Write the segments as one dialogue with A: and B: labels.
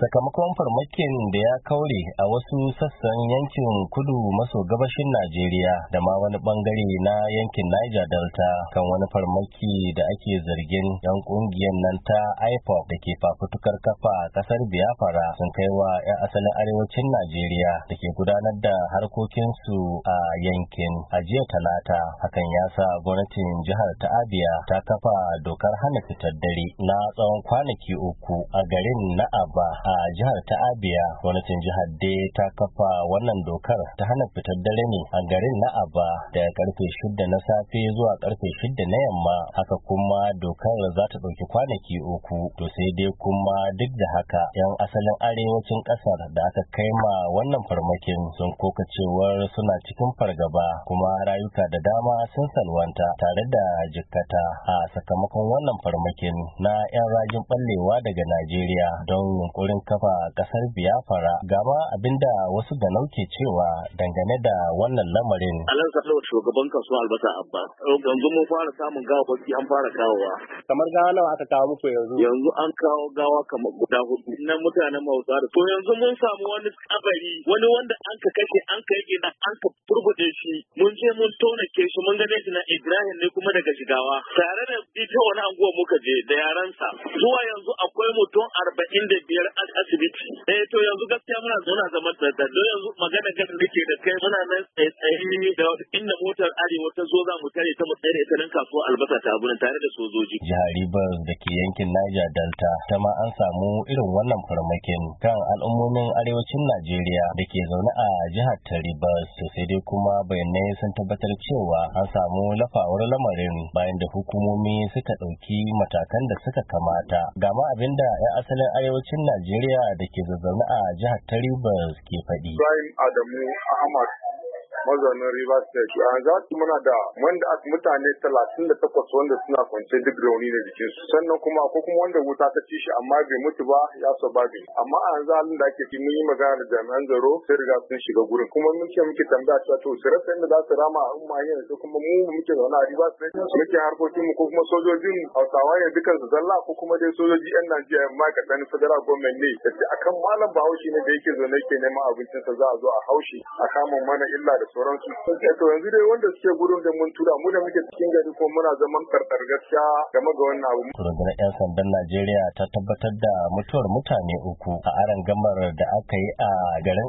A: sakamakon farmakin da ya kaure a wasu sassan yankin kudu maso gabashin najeriya da ma wani bangare na yankin niger delta kan wani farmaki da ake zargin yan kungiyar nan ta ipop da ke fafutukar kafa kasar biafra sun kai wa 'yan asalin arewacin najeriya da ke gudanar da harkokinsu a yankin a jiya talata hakan ya sa gwamnatin jihar ta abia ta kafa dokar hana fitar dare na tsawon kwanaki uku a garin na aba a jihar ta abia gwamnatin jihar da ta kafa wannan dokar ta hana fitar dare ne a garin na aba daga karfe shida na safe zuwa karfe shida na yamma haka kuma dokar za ta ɗauki kwanaki uku to sai dai kuma duk da haka yan asalin arewacin ƙasar da aka kai ma wannan farmakin sun koka cewar suna cikin fargaba kuma rayuka da dama sun salwanta tare da jikata. a sakamakon wannan farmakin na 'yan rajin ɓallewa daga najeriya don yunkurin shirin kafa kasar Biafra gaba abinda wasu da nauke cewa dangane da wannan lamarin.
B: Alan Salo shugaban kasu albasa abba. Yanzu mun fara samun gawawaki an fara kawowa.
A: Kamar gawa nawa aka kawo muku yanzu? Yanzu an kawo gawa kamar guda hudu na mutanen Mausa da to yanzu
B: mun samu wani kabari wani wanda an ka kashe an ka yi na an ka turbude shi mun je mun tonake shi mun gane shi na Ibrahim ne kuma daga shigawa tare da ita wani anguwa muka je da yaransa zuwa yanzu akwai mutum arba'in da biyar a asibiti eh to yanzu gaskiya muna zauna zaman da don yanzu magana gana nake da kai muna nan tsaye da inda motar arewa ta zo za mu tare ta mu tsare ta nan kasuwa albasa ta abu tare da
A: sojoji jihar da ke yankin Niger Delta ta ma an samu irin wannan farmakin kan al'ummomin arewacin Najeriya da ke zaune a jihar ta Rivers sai dai kuma bayanai sun tabbatar cewa an samu lafawar lamarin bayan da hukumomi suka ɗauki matakan da suka kamata ga ma abinda ya asalin arewacin Najeriya Najeriya da ke zazzaune a jihar ta ke faɗi.
B: Ibrahim Adamu Ahmad mazaunin River State. A yanzu su muna da wanda mutane talatin da wanda suna kwance duk rauni da jikin su. Sannan kuma ko kuma wanda wuta ta ci shi amma bai mutu ba ya survive. Amma a yanzu halin da ake fi mun yi magana da jami'an tsaro sai riga sun shiga gurin. Kuma mun ce muke tambaya cewa to su rasa inda za su rama a umma yanzu kuma mu muke zaune a River State muke harkokin mu ko kuma sojojin Hausawa ne dukan su zalla ko kuma dai sojoji 'yan Najeriya ma ka ɗan federal government ne. Da akan malam Bahaushe ne da yake zaune ke neman abincin sa za a zo a haushi a kama mana illa da sauransu. to yanzu dai wanda suke gudun da mun tura mu da muke cikin gari ko muna zaman karɓar gaskiya
A: game ga wannan abu. Rundunar 'yan sandan Najeriya ta tabbatar da mutuwar mutane uku a aron gamar da aka yi a garin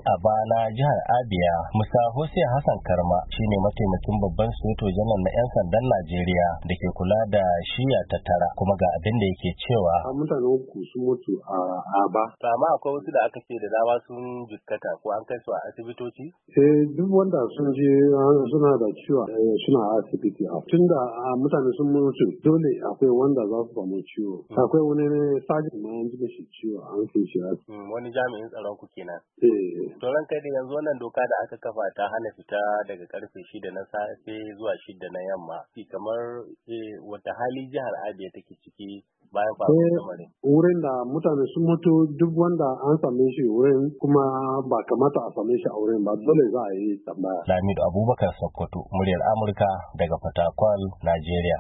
A: na jihar Abia. Musa Hosea Hassan Karma shine mataimakin babban soto janar na 'yan sandan Najeriya da ke kula da shiya ta tara kuma ga abin da yake cewa.
C: Mutane uku sun mutu a Aba. Sama akwai wasu da aka ce da dama sun jikkata ko an kai su a asibitoci? Eh duk wanda sun je suna da ciwo eh, suna asibiti a tun da ah, mutane sun mutu dole akwai wanda za su samu ciwo akwai wani ne sajin ma an ji shi ciwo an kai shi
A: hmm, wani jami'in tsaron ku kenan eh to kai da yanzu wannan doka da aka kafa ta hana fita daga karfe shida na safe zuwa shida na yamma kamar eh, wata hali jihar Abia take ciki bayan faruwar eh, lamarin.
C: Wurin da mutane sun mutu duk wanda an same shi wurin kuma ba kamata a same shi a wurin ba dole za a yi tambaya. Lamido
A: Abubakar Sokoto, muryar Amurka daga Fatakwal, Najeriya.